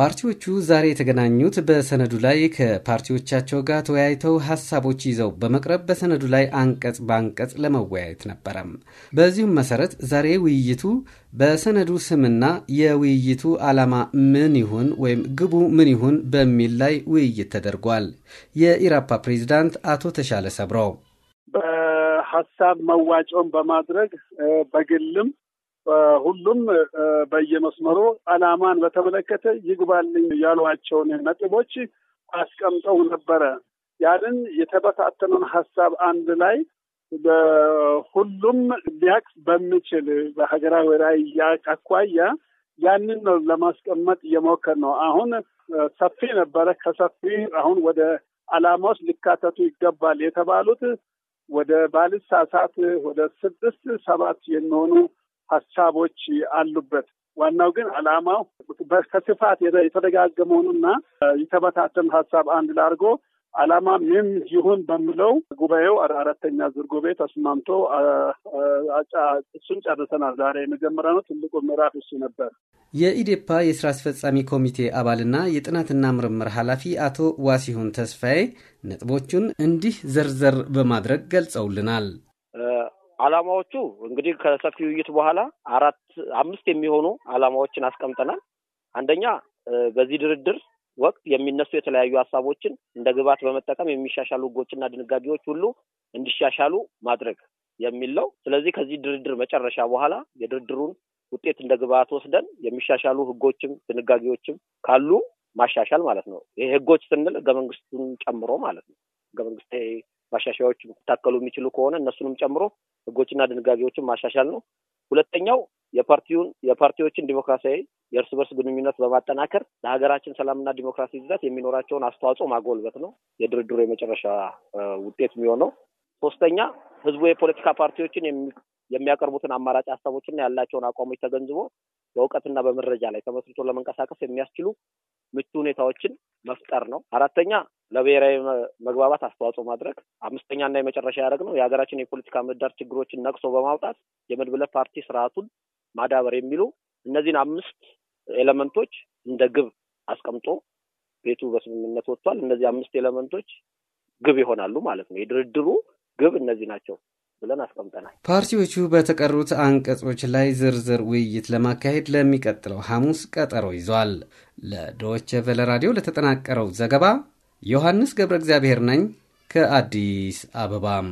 ፓርቲዎቹ ዛሬ የተገናኙት በሰነዱ ላይ ከፓርቲዎቻቸው ጋር ተወያይተው ሀሳቦች ይዘው በመቅረብ በሰነዱ ላይ አንቀጽ በአንቀጽ ለመወያየት ነበረም። በዚሁም መሰረት ዛሬ ውይይቱ በሰነዱ ስምና የውይይቱ ዓላማ ምን ይሁን ወይም ግቡ ምን ይሁን በሚል ላይ ውይይት ተደርጓል። የኢራፓ ፕሬዚዳንት አቶ ተሻለ ሰብረው በሀሳብ መዋጮን በማድረግ በግልም ሁሉም በየመስመሩ አላማን በተመለከተ ይግባልኝ ያሏቸውን ነጥቦች አስቀምጠው ነበረ። ያንን የተበታተነውን ሀሳብ አንድ ላይ በሁሉም ሊያቅፍ በሚችል በሀገራዊ ራዕይ አኳያ ያንን ነው ለማስቀመጥ እየሞከር ነው። አሁን ሰፊ ነበረ። ከሰፊ አሁን ወደ ዓላማዎች ሊካተቱ ይገባል የተባሉት ወደ ባልሳሳት ወደ ስድስት ሰባት የሚሆኑ ሀሳቦች አሉበት። ዋናው ግን አላማው ከስፋት የተደጋገመውንና የተበታተን ሀሳብ አንድ ላድርጎ አላማ ምን ይሁን በሚለው ጉባኤው አራተኛ ዙር ጉባኤ ተስማምቶ እሱን ጨርሰናል። ዛሬ የመጀመሪያ ነው። ትልቁ ምዕራፍ እሱ ነበር። የኢዴፓ የስራ አስፈጻሚ ኮሚቴ አባልና የጥናትና ምርምር ኃላፊ አቶ ዋሲሁን ተስፋዬ ነጥቦቹን እንዲህ ዘርዘር በማድረግ ገልጸውልናል። አላማዎቹ እንግዲህ ከሰፊ ውይይት በኋላ አራት አምስት የሚሆኑ አላማዎችን አስቀምጠናል። አንደኛ በዚህ ድርድር ወቅት የሚነሱ የተለያዩ ሀሳቦችን እንደ ግብዓት በመጠቀም የሚሻሻሉ ህጎችና ድንጋጌዎች ሁሉ እንዲሻሻሉ ማድረግ የሚል ነው። ስለዚህ ከዚህ ድርድር መጨረሻ በኋላ የድርድሩን ውጤት እንደ ግብዓት ወስደን የሚሻሻሉ ህጎችም ድንጋጌዎችም ካሉ ማሻሻል ማለት ነው። ይሄ ህጎች ስንል ህገ መንግስቱን ጨምሮ ማለት ነው። ህገ መንግስት ማሻሻያዎች ሊታከሉ የሚችሉ ከሆነ እነሱንም ጨምሮ ህጎችና ድንጋጌዎችን ማሻሻል ነው። ሁለተኛው የፓርቲውን የፓርቲዎችን ዲሞክራሲያዊ የእርስ በርስ ግንኙነት በማጠናከር ለሀገራችን ሰላምና ዲሞክራሲ ግዛት የሚኖራቸውን አስተዋጽኦ ማጎልበት ነው የድርድሩ የመጨረሻ ውጤት የሚሆነው። ሶስተኛ ህዝቡ የፖለቲካ ፓርቲዎችን የሚያቀርቡትን አማራጭ ሀሳቦችና ያላቸውን አቋሞች ተገንዝቦ በእውቀትና በመረጃ ላይ ተመስርቶ ለመንቀሳቀስ የሚያስችሉ ምቹ ሁኔታዎችን መፍጠር ነው። አራተኛ ለብሔራዊ መግባባት አስተዋጽኦ ማድረግ። አምስተኛና የመጨረሻ ነው። የሀገራችን የፖለቲካ ምህዳር ችግሮችን ነቅሶ በማውጣት የመድብለ ፓርቲ ስርዓቱን ማዳበር የሚሉ እነዚህን አምስት ኤሌመንቶች እንደ ግብ አስቀምጦ ቤቱ በስምምነት ወጥቷል። እነዚህ አምስት ኤሌመንቶች ግብ ይሆናሉ ማለት ነው። የድርድሩ ግብ እነዚህ ናቸው ብለን አስቀምጠናል። ፓርቲዎቹ በተቀሩት አንቀጾች ላይ ዝርዝር ውይይት ለማካሄድ ለሚቀጥለው ሐሙስ ቀጠሮ ይዟል። ለዶይቸ ቨለ ራዲዮ ለተጠናቀረው ዘገባ ዮሐንስ ገብረ እግዚአብሔር ነኝ ከአዲስ አበባም